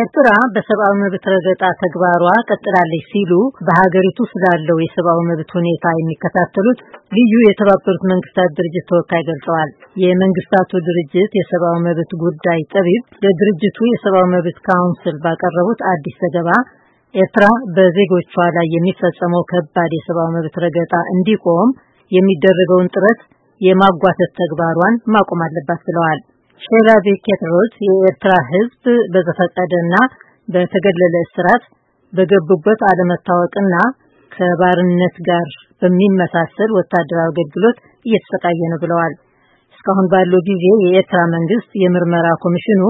ኤርትራ በሰብአዊ መብት ረገጣ ተግባሯ ቀጥላለች ሲሉ በሀገሪቱ ስላለው የሰብአዊ መብት ሁኔታ የሚከታተሉት ልዩ የተባበሩት መንግስታት ድርጅት ተወካይ ገልጸዋል። የመንግስታቱ ድርጅት የሰብአዊ መብት ጉዳይ ጠቢብ ለድርጅቱ የሰብአዊ መብት ካውንስል ባቀረቡት አዲስ ዘገባ ኤርትራ በዜጎቿ ላይ የሚፈጸመው ከባድ የሰብአዊ መብት ረገጣ እንዲቆም የሚደረገውን ጥረት የማጓተት ተግባሯን ማቆም አለባት ብለዋል። ሼላ ቤኬት የኤርትራ ሕዝብ በዘፈቀደና በተገለለ እስራት በገቡበት አለመታወቅና ከባርነት ጋር በሚመሳሰል ወታደራዊ አገልግሎት እየተሰቃየ ነው ብለዋል። እስካሁን ባለው ጊዜ የኤርትራ መንግስት የምርመራ ኮሚሽኑ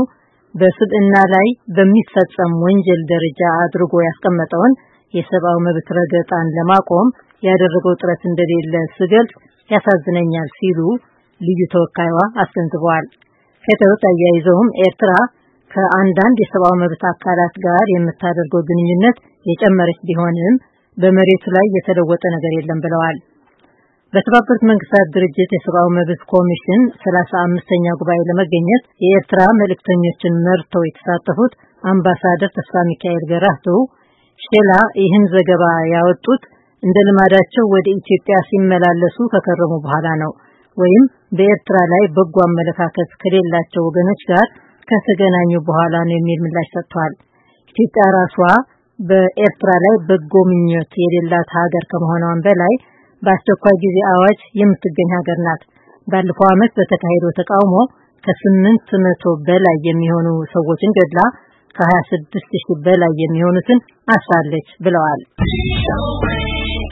በስብዕና ላይ በሚፈጸም ወንጀል ደረጃ አድርጎ ያስቀመጠውን የሰብአዊ መብት ረገጣን ለማቆም ያደረገው ጥረት እንደሌለ ስገልጽ ያሳዝነኛል ሲሉ ልዩ ተወካይዋ አስገንዝበዋል። ሄተሮት አያይዘውም ኤርትራ ከአንዳንድ የሰብአዊ መብት አካላት ጋር የምታደርገው ግንኙነት የጨመረች ቢሆንም በመሬቱ ላይ የተለወጠ ነገር የለም ብለዋል። በተባበሩት መንግስታት ድርጅት የሰብአዊ መብት ኮሚሽን 35ኛ ጉባኤ ለመገኘት የኤርትራ መልእክተኞችን መርተው የተሳተፉት አምባሳደር ተስፋ ሚካኤል ገራህቱ ሼላ ይህን ዘገባ ያወጡት እንደ ልማዳቸው ወደ ኢትዮጵያ ሲመላለሱ ከከረሙ በኋላ ነው ወይም በኤርትራ ላይ በጎ አመለካከት ከሌላቸው ወገኖች ጋር ከተገናኙ በኋላ ነው የሚል ምላሽ ሰጥቷል። ኢትዮጵያ ራሷ በኤርትራ ላይ በጎ ምኞት የሌላት ሀገር ከመሆኗን በላይ በአስቸኳይ ጊዜ አዋጅ የምትገኝ ሀገር ናት። ባለፈው ዓመት በተካሄደው ተቃውሞ ከስምንት መቶ በላይ የሚሆኑ ሰዎችን ገድላ ከ26 ሺህ በላይ የሚሆኑትን አስራለች ብለዋል።